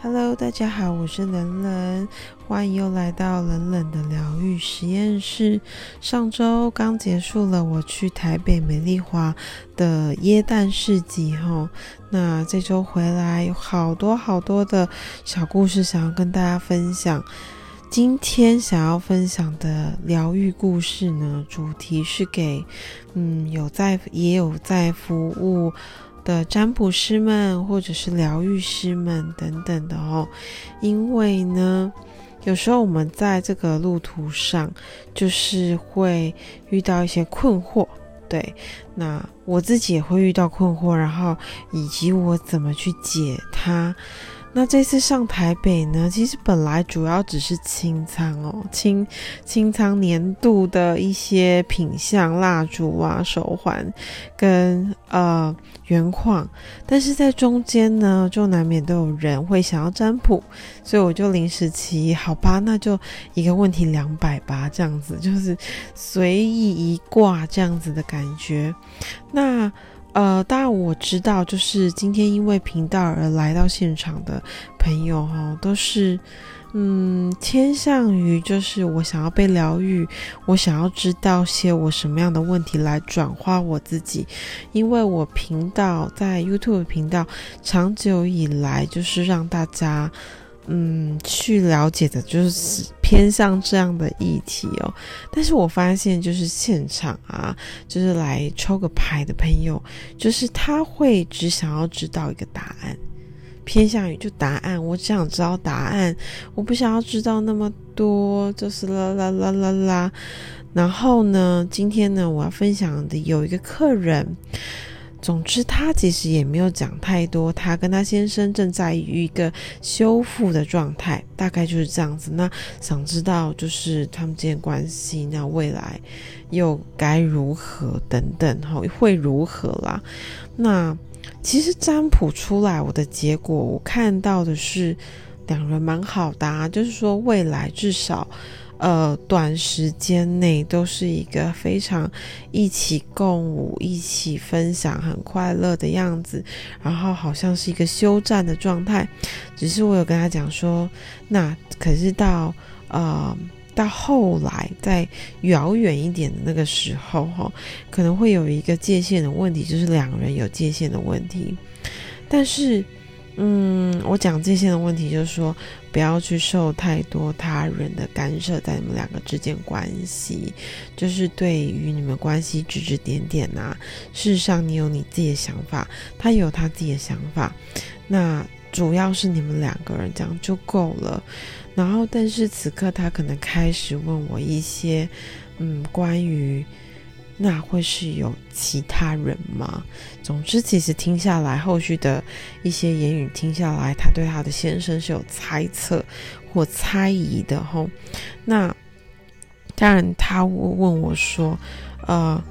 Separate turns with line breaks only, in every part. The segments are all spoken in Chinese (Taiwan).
Hello，大家好，我是冷冷，歡迎又來到冷冷的療癒實驗室。上週剛結束了我去台北美麗華的耶誕市集哈，那這週回來有好多好多的小故事想要跟大家分享。今天想要分享的療癒故事呢，主題是給，嗯，有在，也有在服務。的占卜師們，或者是療癒師們等等的哦，因為呢，有時候我們在這個路途上，就是會遇到一些困惑。對，那我自己也會遇到困惑，然後以及我怎麼去解它。那這次上台北呢，其實本來主要只是清倉哦，清清倉年度的一些品項蠟燭啊、手環跟，跟呃原礦，但是在中間呢，就難免都有人會想要占卜，所以我就臨時起意好吧，那就一個問題兩百吧，這樣子就是隨意一卦，這樣子的感覺，那。呃，當然我知道，就是今天因為頻道而來到現場的朋友哈、哦，都是，嗯，偏向於就是我想要被療癒，我想要知道些我什麼樣的問題來轉化我自己，因為我頻道在 YouTube 頻道長久以來就是讓大家，嗯，去了解的就是。偏向這樣的議題哦，但是我發現就是現場啊，就是來抽個牌的朋友，就是他會只想要知道一個答案，偏向於就答案，我只想知道答案，我不想要知道那麼多，就是啦啦啦啦啦。然後呢，今天呢，我要分享的有一個客人。總之，他其實也沒有講太多。他跟他先生正在於一個修復的狀態，大概就是這樣子。那想知道就是他們之間關係，那未來又該如何等等，會如何啦？那其實占卜出來我的結果，我看到的是兩人蠻好的啊，就是說未來至少。呃，短時間內都是一個非常一起共舞、一起分享，很快樂的樣子。然後好像是一個休戰的狀態，只是我有跟他講說，那可是到啊、呃、到後來再遙遠一點的那個時候哈，可能會有一個界限的問題，就是兩人有界限的問題。但是，嗯，我講界限的問題，就是說。不要去受太多他人的干涉，在你們兩個之間關係，就是對於你們關係指指點點吶、啊。事實上，你有你自己的想法，他也有他自己的想法，那主要是你們兩個人這樣就夠了。然後，但是此刻他可能開始問我一些，嗯，關於。那會是有其他人嗎？總之，其實聽下來，後續的一些言語聽下來，他對他的先生是有猜測或猜疑的，吼。那當然，他會問我說：“呃，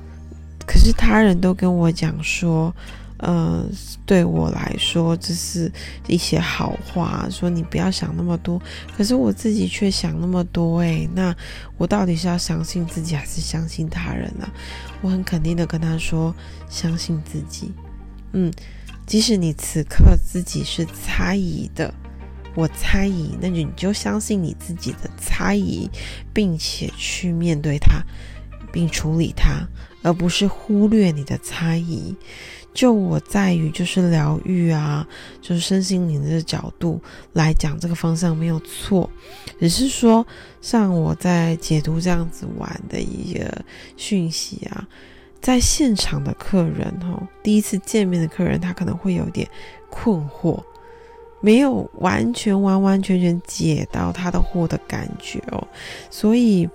可是他人都跟我講說。”呃，對我來說，這是一些好話，說你不要想那麼多。可是我自己卻想那麼多，誒，那我到底是要相信自己還是相信他人呢、啊？我很肯定的跟他說，相信自己。嗯，即使你此刻自己是猜疑的，我猜疑，那你就相信你自己的猜疑，並且去面對它，並處理它，而不是忽略你的猜疑。就我在於就是療癒啊，就是身心靈的角度來講，這個方向沒有錯，只是說像我在解讀這樣子玩的一個訊息啊，在現場的客人吼、哦，第一次見面的客人，他可能會有點困惑，沒有完全完完全全解到他的惑的感覺哦，所以。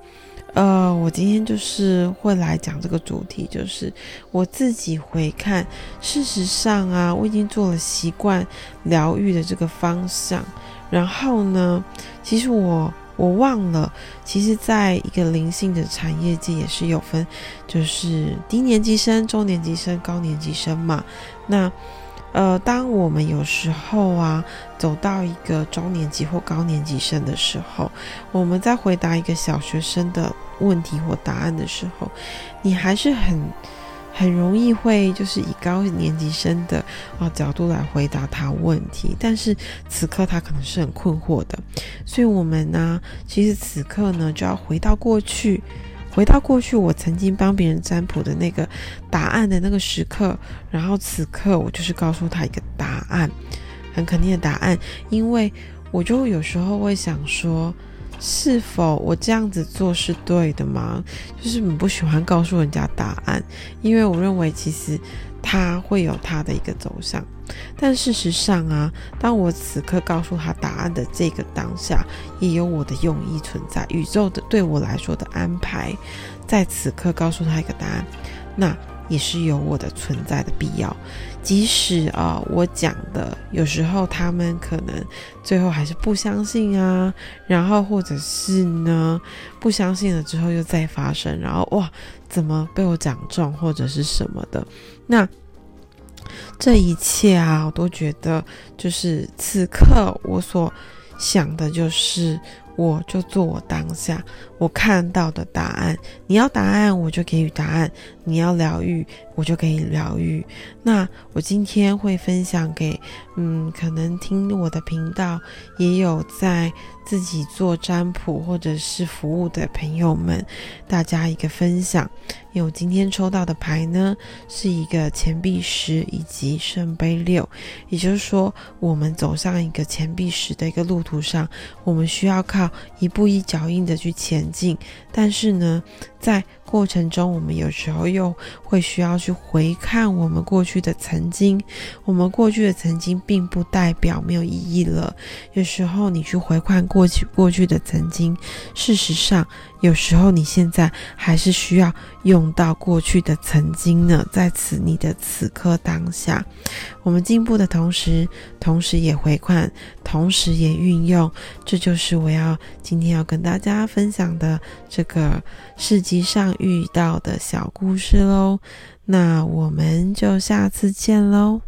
呃，我今天就是會來講這個主題，就是我自己回看，事實上啊，我已經做了習慣療癒的這個方向，然後呢，其實我我忘了，其實在一個靈性的產業界也是有分，就是低年級生、中年級生、高年級生嘛，那。呃，當我們有時候啊，走到一個中年級或高年級生的時候，我們在回答一個小學生的問題或答案的時候，你還是很很容易會就是以高年級生的啊、呃、角度來回答他問題，但是此刻他可能是很困惑的，所以我們呢，其實此刻呢就要回到過去。回到過去，我曾經幫別人占卜的那個答案的那個時刻，然後此刻我就是告訴他一個答案，很肯定的答案，因為我就有時候會想說，是否我這樣子做是對的嗎？就是你不喜歡告訴人家答案，因為我認為其實。他會有他的一個走向，但事實上啊，當我此刻告訴他答案的這個當下，也有我的用意存在，宇宙的對我來說的安排，在此刻告訴他一個答案，那。也是有我的存在的必要，即使啊，我講的有時候他們可能最後還是不相信啊，然後或者是呢，不相信了之後又再發生，然後哇，怎麼被我講中或者是什麼的？那這一切啊，我都覺得就是此刻我所想的就是。我就做我當下我看到的答案，你要答案，我就給予答案，你要療癒。我就可以療癒。那我今天會分享給，嗯，可能聽我的頻道也有在自己做占卜或者是服務的朋友們，大家一個分享。有今天抽到的牌呢，是一個錢幣十以及聖杯六，也就是說，我們走上一個錢幣十的一個路途上，我們需要靠一步一腳印的去前進，但是呢，在過程中，我們有時候又會需要。去回看我們過去的曾經，我們過去的曾經並不代表沒有意義了。有時候你去回看過去過去的曾經，事實上，有時候你現在還是需要用到過去的曾經呢。在此，你的此刻當下，我們進步的同時，同時也回看，同時也運用，這就是我要今天要跟大家分享的這個市集上遇到的小故事嘍。那我們就下次見嘍。